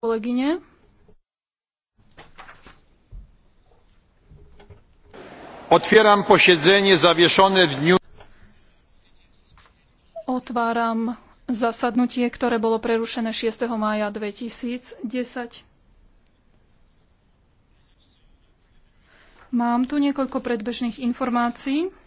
kolegyne. Otwieram posiedzenie zawieszone w dniu Otváram zasadnutie, ktoré bolo prerušené 6. mája 2010. Mám tu niekoľko predbežných informácií.